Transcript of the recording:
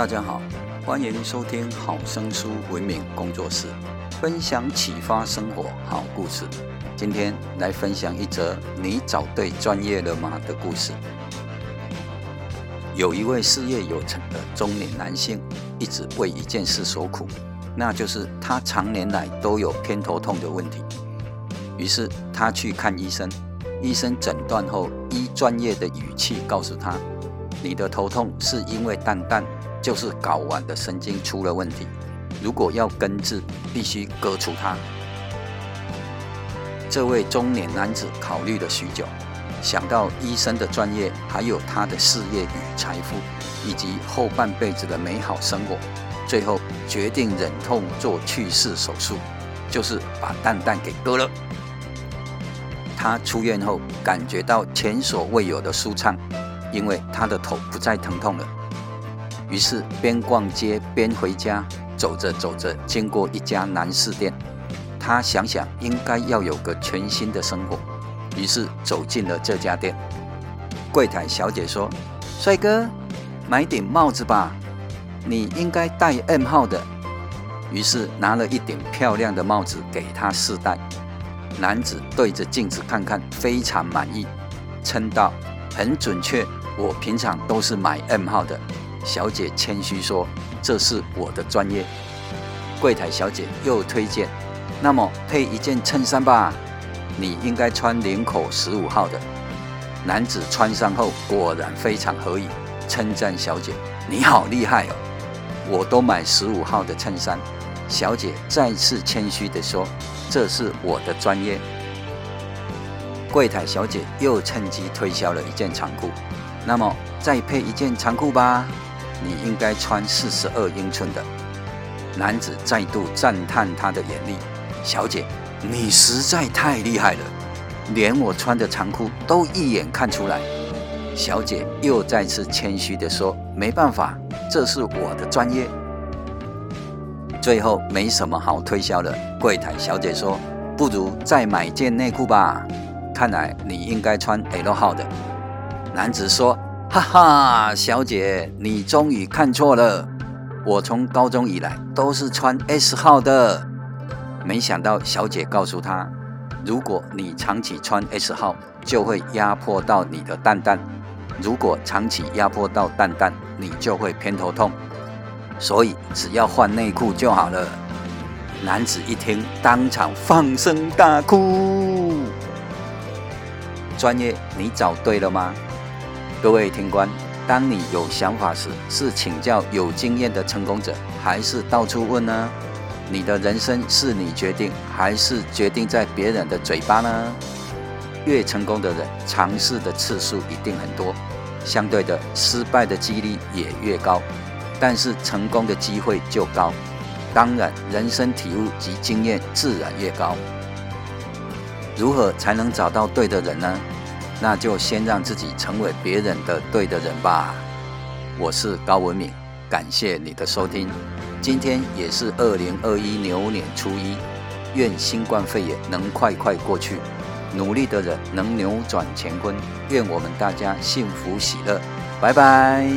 大家好，歡迎收聽好聲書文明工作室，分享啟發生活好故事。今天來分享一則“你找對專業了嗎”的故事。有一位事業有成的中年男性，一直為一件事所苦，那就是他常年來都有偏頭痛的問題。於是他去看醫生，醫生診斷後，以專業的語氣告訴他：“你的頭痛是因為蛋蛋。”就是睾丸的神經出了問題，如果要根治，必須割除它。這位中年男子考慮了許久，想到醫生的專業，還有他的事業與財富，以及後半輩子的美好生活，最後決定忍痛做去勢手術，就是把蛋蛋給割了。他出院後感覺到前所未有的舒暢，因為他的頭不再疼痛了。於是邊逛街邊回家，走着走着，經過一家男士店，他想想應該要有個全新的生活，於是走進了這家店。櫃檯小姐說：“帥哥，買頂帽子吧，你應該戴 M 號的。”於是拿了一頂漂亮的帽子給他試戴。男子對着鏡子看看，非常滿意，稱道：“很準確，我平常都是買 M 號的。”小姐謙虛說：“這是我的專業。”櫃檯小姐又推薦：“那麼配一件襯衫吧，你應該穿領口十五號的。”男子穿上後果然非常合宜，稱讚小姐：“你好厲害哦，我都買十五號的襯衫。”小姐再次謙虛地說：“這是我的專業。”櫃檯小姐又趁機推銷了一件長褲：“那麼再配一件長褲吧。”你應該穿四十二英寸的。男子再度讚嘆他的眼力，小姐，你實在太厲害了，連我穿的長褲都一眼看出來。小姐又再次謙虛地說：“沒辦法，這是我的專業。”最後沒什麼好推銷的，櫃檯小姐說：“不如再買件內褲吧，看來你應該穿 L 號的。”男子說。哈哈，小姐，你終於看錯了。我從高中以來都是穿 S 號的，沒想到小姐告訴他，如果你長期穿 S 號，就會壓迫到你的蛋蛋。如果長期壓迫到蛋蛋，你就會偏頭痛。所以只要換內褲就好了。男子一聽，當場放聲大哭。專業，你找對了嗎？各位聽官，當你有想法時，是請教有經驗的成功者，還是到處問呢？你的人生是你決定，還是決定在別人的嘴巴呢？越成功的人，嘗試的次數一定很多，相對的，失敗的幾率也越高，但是成功的機會就高，當然，人生體悟及經驗自然越高。如何才能找到對的人呢？那就先讓自己成為別人的對的人吧。我是高文敏，感謝你的收聽。今天也是二零二一牛年初一，願新冠肺炎能快快過去，努力的人能扭轉乾坤。願我們大家幸福喜樂，拜拜。